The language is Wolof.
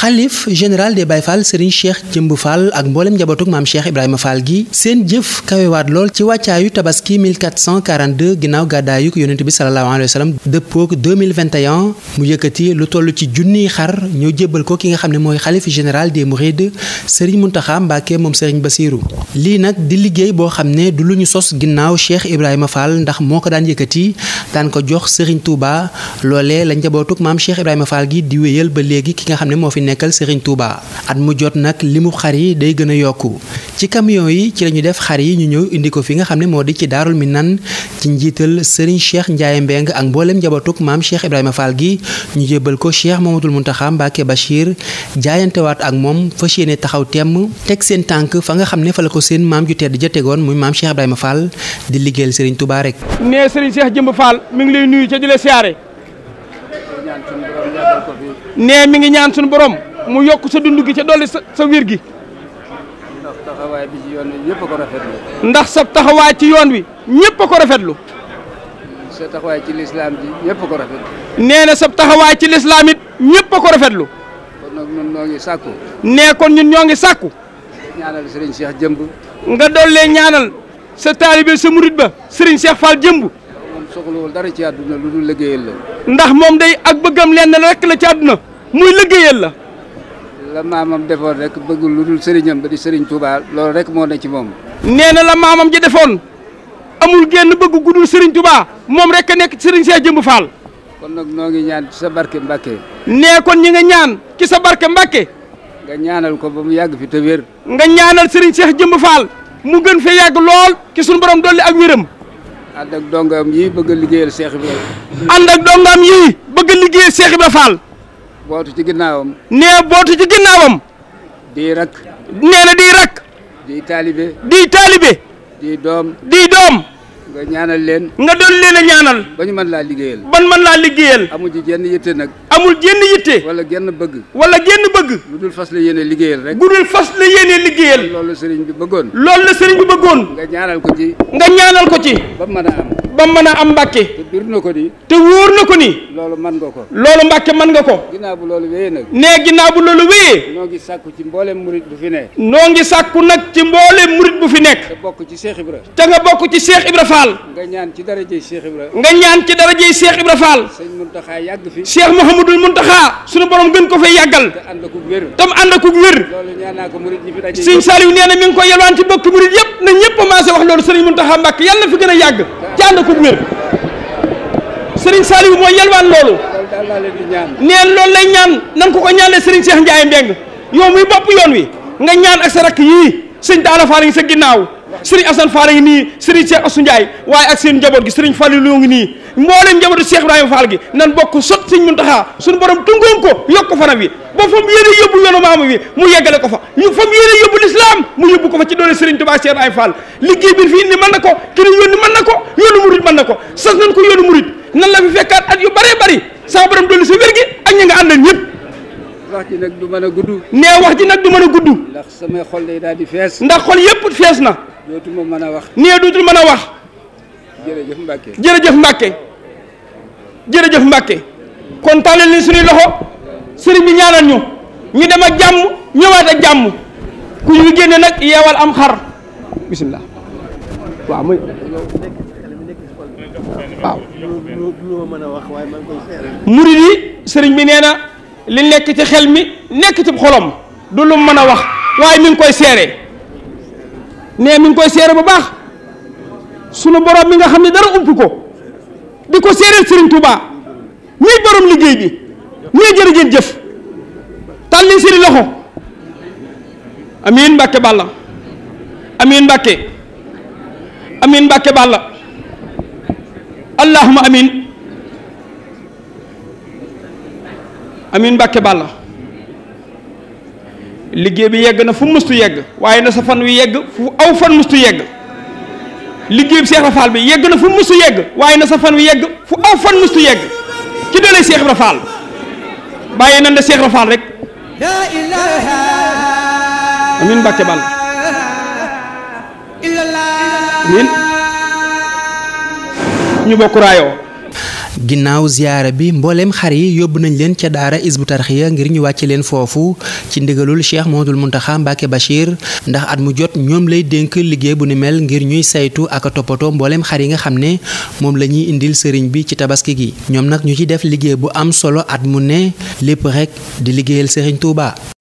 xalif général des Baye Fall Serigne Cheikh Jëmb Fall ak mboolem njabootug maam Cheikh Ibrahima Fall gi seen jëf kawewaat lool ci wàccaayu tabaski 1442 ginnaaw gàddaayuk yonent bi sallallahu alayhi wa sallam dëppook 2021 mu yëkkati lu toll ci junniy xar ñoo jébbal ko ki nga xam ne mooy xalif général des Mourides Serigne Mountakha Mbacké moom Serigne Bassirou lii nag di liggéey boo xam ne du lu ñu sos ginnaaw Cheikh Ibrahima Fall ndax moo ko daan yëkkati daan ko jox Serigne Touba loolee la njabootug maam Cheikh Ibrahima Fall gi di wéyal ba léegi ki nga xam ne moo fi nekkal Serigne Touba at mu jot nag limu xar yi day gën a ci camion yi ci la ñu def xar yi ñu ñëw indi ko fi nga xam ne moo di ci Daarul Minaan ci njiital Serigne Cheikh Ndiaye Mbeng ak mbooleem njabootug maam Cheikh Ibrahima Fall gi ñu jébbal ko Cheikh Mamadul Muntaxa Mbacke Bachir jaayantewaat ak moom fas yéene taxaw temm teg seen tànk fa nga xam ne fa la ko seen maam ju tedd ja tegoon muy maam Cheikh Ibrahima Fall di liggéeyal Serigne Touba rek. nee Serigne mu yokk sa dund gi ca dolli sa sa wér gi. ndax taxawaay bi ci yoon wi ñëpp a ko rafetlu. ndax sa taxawaay ci yoon wi ñëpp a ko rafetlu. sa taxawaay ci lislaam ji ñëpp a ko rafetlu. nee na sa taxawaay ci lislaam it ñëpp a ko rafetlu. kon nag ngi sàkku. nee kon ñun ñoo ngi sàkku. ñaanal Serigne Cheikh jëmb. nga dollee ñaanal sa taalibe sa murit ba Serigne seex Fall jëmb. soxlawul dara ci àdduna lu dul liggéeyal la. ndax moom dey ak bëggam lenn rek la ci àdduna muy liggéeyal la. la maamam defoon rek bëggul lu dul sëriñam ba di sëriñ Touba loolu rek moo ne ci moom. nee na la maamam ji defoon amul génn bëgg gudul sëriñ Touba moom rek a nekk sëriñ see jëmb faal. kon nag noo ngi ñaan ci sa barke Mbacke. nee kon ñi nga ñaan ci sa barke Mbacke. nga ñaanal ko ba mu yàgg fi te wér. nga ñaanal sëriñ Cheikh Jëmb Fall mu gën fi yàgg lool ci sunu borom dolli ak wéram. ànd ak dongam yii bëgg a liggéeyal Cheikh Ibrahima. ànd bëgg a liggéeyal Cheikh Ibrahima Fall. bootu ci ginnaawam. nee bootu ci ginnaawam. di rak. nee na di rak. di taalibe. di taalibe. di doom. di doom. nga ñaanal leen. nga doon leen a ñaanal. ba ñu mën laa liggéeyal. ban mën laa liggéeyal. amul ci jenn yitte nag. amul jenn yitte. wala genn bëgg. wala genn bëgg. lu dul fas la yéene liggéeyal rek. gudul fas la yéene liggéeyal. loolu la sëriñ bi bëggoon. loolu la sëriñ bi bëggoon. nga ñaanal ko ci. nga ñaanal ko ci. ba mën a am. ba mën a am mbàkke te bir na ko ni te wóor na ko ni loolu mën nga ko loolu mbàkke mën nga ko ginnaaw bu loolu wéyee nag ne ginnaaw bu loolu wéyee noo ngi sàkku ci mbooleem murit bu fi nekk noo ngi sàkku nag ci mbooleem murit bu fi nekk te bokk ci Cheikh Ibra te nga bokk ci Cheikh Ibra Fall Fall. nga ñaan ci darajey Cheikh Ibra. nga ñaan ci darajey Cheikh Ibra Fall. sëñ Muntaxa yàgg fi. Cheikh Mouhamadul Muntaxa sunu borom gën ko fay yàggal. te ànd akug wér. tam ànd akug wér. loolu ñaan ko murid ñi fi daje. sëñ Saliou nee na mi ngi koy yalwaan ci bokk murid yëpp na ñëpp commencé wax loolu sëriñ Muntaxa Mbàkke yàlla na fi gën a yàgg. ci ànd akug wér. sëriñ Saliou mooy yalwaan loolu. neen loolu lay ñaan nan ko ko ñaanee sëriñ Cheikh Ndiaye Mbeng yow muy bopp yoon wi nga ñaan ak sa rakk yii sëñ Daara Fall ngi sa ginnaaw Serigne Assane Fall ngi nii Serigne Cheikh Assou Ndiaye waaye ak seen njaboot gi Serigne Fall loo ngi nii mboolem njabootu Cheikh Ibrahima Fall gi nan bokk sot Serigne Mountakha suñu borom tungoon ko yokk ko fanam wi ba fa mu yéene yóbbu yoonu maama mu yeggale ko fa ñu fa mu lislaam mu yóbbu ko fa ci doole Serigne Touba Cheikh Ibrahima Fall liggéey bi fi indi mën na ko kiri yónni mën na ko yoonu murit mën na ko sas nañ ko yoonu murit nan la fi fekkaat at yu bëree bëri sa borom dolli sa wér gi ak nga àndal ñëpp wax ji nag du mën a gudd nee wax ji nag du mën a gudd ndax sama xol daal di fees ndax xol yëpp fees na dootul ma mën a wax. nee dootul mën a wax. jërëjëf Mbacke. jërëjëf Mbacke. jërëjëf Mbacke. kon tàllal leen suñuy loxo sëriñ bi ñaanal ñu ñu dem ak jàmm ñëwaat ak jàmm ku ñu génne nag yeewal am xar bisimilah waaw muy waaw. murid yi sëriñ bi nee na li nekk ci xel mi nekk ci xolom du lu mën a wax waaye mi ngi koy seere ne mi ngi koy seere bu baax sunu borom mi nga xam ne dara ump ko di ko seereel Serigne Touba muy borom liggéey bi muy jërëjëf jëf tàllin seeni loxo amiin Mbàkke Bàlla amiin Mbàkke amiin Mbàkke Bàlla allahuma amiin amiin Mbàkke Bàlla liggéey bi yegg na fu mustu yegg waaye na sa fan wi yegg fu aw fan mustu yegg liggéey bi Seex Ibra bi yegg na fu mustu yegg waaye na sa fan wi yegg fu aw fan mustu yegg ki doole Seex Ibra Faal bàyyi nan de Seex Ibra rek amin Mbàkke bal amin ñu bokk raayoo ginnaaw ziyaara bi mbooleem xar yi yóbbu nañ leen ca daara isbu tarxiya ngir ñu wàcc leen foofu ci ndigalul cheikh Mouhamadoul Mountakha Mbacké Bachir ndax at mu jot ñoom lay dénk liggéey bu ni mel ngir ñuy saytu aka toppatoo mbooleem xar yi nga xam ne moom la ñuy indil sëriñ bi ci tabaski gi ñoom nag ñu ci def liggéey bu am solo at mu ne lépp rekk di liggéeyal sëriñ Touba.